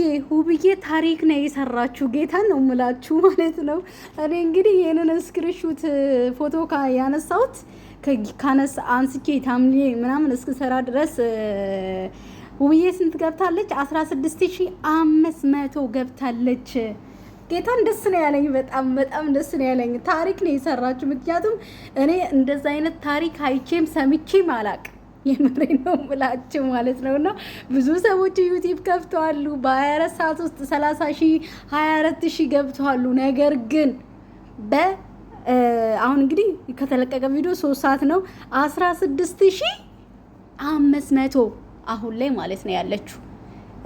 ሁብዬ ሁብዬ ታሪክ ነው የሰራችሁ። ጌታ ነው ምላችሁ ማለት ነው። እኔ እንግዲህ ይህንን ስክሪንሹት ፎቶ ያነሳሁት ከነስ አንስቼ ታምሌ ምናምን እስክሰራ ድረስ ውብዬ ስንት ገብታለች? 16500 ገብታለች። ጌታን ደስ ነው ያለኝ። በጣም በጣም ደስ ነው ያለኝ። ታሪክ ነው የሰራችሁ። ምክንያቱም እኔ እንደዛ አይነት ታሪክ አይቼም ሰምቼም አላቅ የምሬ ነው ብላችሁ ማለት ነው። እና ብዙ ሰዎች ዩቲብ ከፍተዋሉ በ24 ሰዓት ውስጥ 30 ሺ 24 ሺህ ገብተዋሉ። ነገር ግን በ አሁን እንግዲህ ከተለቀቀ ቪዲዮ 3 ሰዓት ነው 16 ሺህ 500 አሁን ላይ ማለት ነው ያለችው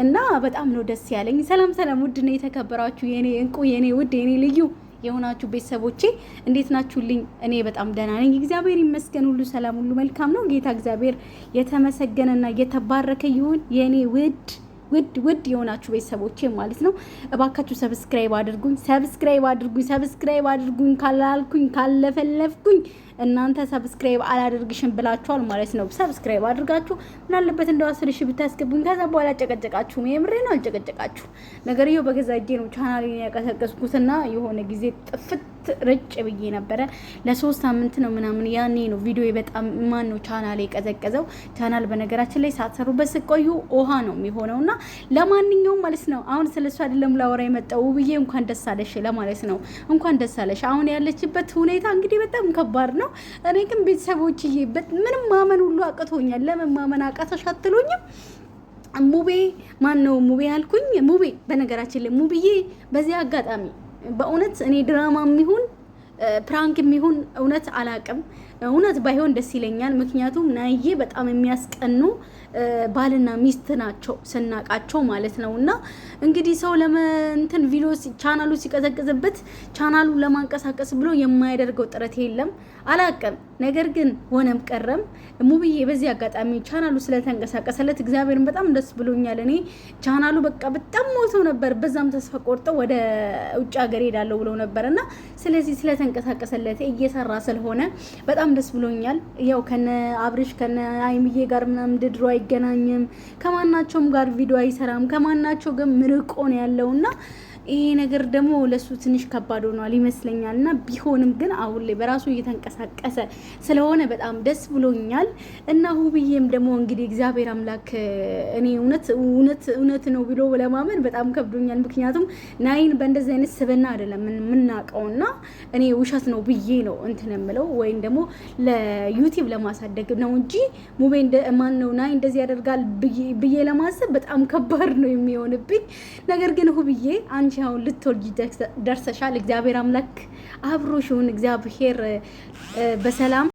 እና በጣም ነው ደስ ያለኝ። ሰላም ሰላም! ውድ ነው የተከበራችሁ የኔ እንቁ የኔ ውድ የኔ ልዩ የሆናችሁ ቤተሰቦቼ እንዴት ናችሁልኝ? እኔ በጣም ደህና ነኝ፣ እግዚአብሔር ይመስገን። ሁሉ ሰላም፣ ሁሉ መልካም ነው። ጌታ እግዚአብሔር የተመሰገነና የተባረከ ይሁን የእኔ ውድ ውድ ውድ የሆናችሁ ቤተሰቦቼ ማለት ነው። እባካችሁ ሰብስክራይብ አድርጉኝ፣ ሰብስክራይብ አድርጉኝ፣ ሰብስክራይብ አድርጉኝ ካላልኩኝ ካለፈለፍኩኝ እናንተ ሰብስክራይብ አላደርግሽም ብላችኋል ማለት ነው። ሰብስክራይብ አድርጋችሁ ምናለበት እንደው አስር ሺህ ብታስገቡኝ። ከዛ በኋላ አልጨቀጨቃችሁም። የምሬ ነው፣ አልጨቀጨቃችሁም። ነገርየው በገዛ እጄ ነው ቻናሌን ያቀሰቀስኩትና የሆነ ጊዜ ጥፍት ርት ርጭ ብዬ ነበረ። ለሶስት ሳምንት ነው ምናምን ያኔ ነው ቪዲዮ በጣም ማን ነው ቻናል የቀዘቀዘው። ቻናል በነገራችን ላይ ሳትሰሩበት ስቆዩ ውሃ ነው የሚሆነው። እና ለማንኛውም ማለት ነው አሁን ስለሱ አይደለም ላወራ የመጣው ውብዬ፣ እንኳን ደስ አለሽ ለማለት ነው። እንኳን ደስ አለሽ። አሁን ያለችበት ሁኔታ እንግዲህ በጣም ከባድ ነው። እኔ ግን ቤተሰቦችዬ ምንም ማመን ሁሉ አቅቶኛል። ለምን ማመን አቃተሽ አትሉኝም? ሙቤ ማን ነው ሙቤ ያልኩኝ? ሙቤ በነገራችን ላይ ሙብዬ በዚህ አጋጣሚ በእውነት እኔ ድራማ የሚሆን ፕራንክ የሚሆን እውነት አላቅም። እውነት ባይሆን ደስ ይለኛል። ምክንያቱም ናዬ በጣም የሚያስቀኑ ባልና ሚስት ናቸው ስናቃቸው ማለት ነው። እና እንግዲህ ሰው ለመንትን ቪዲዮ ቻናሉ ሲቀዘቅዝበት ቻናሉ ለማንቀሳቀስ ብሎ የማያደርገው ጥረት የለም አላቅም። ነገር ግን ሆነም ቀረም ሙብዬ በዚህ አጋጣሚ ቻናሉ ስለተንቀሳቀሰለት እግዚአብሔርን በጣም ደስ ብሎኛል። እኔ ቻናሉ በቃ በጣም ሞቶ ነበር። በዛም ተስፋ ቆርጠው ወደ ውጭ ሀገር ሄዳለሁ ብለው ነበር እና ስለዚህ እየተንቀሳቀሰለት እየሰራ ስለሆነ በጣም ደስ ብሎኛል። ያው ከነ አብርሽ ከነ አይምዬ ጋር ምናምን ድድሮ አይገናኝም፣ ከማናቸውም ጋር ቪዲዮ አይሰራም፣ ከማናቸው ግን ምርቆ ነው ያለውና ይሄ ነገር ደግሞ ለሱ ትንሽ ከባድ ሆኗል ይመስለኛል። እና ቢሆንም ግን አሁን ላይ በራሱ እየተንቀሳቀሰ ስለሆነ በጣም ደስ ብሎኛል። እና ሁብዬም ደግሞ እንግዲህ እግዚአብሔር አምላክ እኔ እውነት እውነት እውነት ነው ብሎ ለማመን በጣም ከብዶኛል። ምክንያቱም ናይን በእንደዚህ አይነት ስብና አይደለም የምናውቀው እና እኔ ውሸት ነው ብዬ ነው እንትን የምለው ወይም ደግሞ ለዩቲብ ለማሳደግ ነው እንጂ ሙቤ ማን ነው ናይ እንደዚህ ያደርጋል ብዬ ለማሰብ በጣም ከባድ ነው የሚሆንብኝ። ነገር ግን ሁብዬ አን አንቺ አሁን ልትወልጂ ደርሰሻል። እግዚአብሔር አምላክ አብሮሽ ይሁን። እግዚአብሔር በሰላም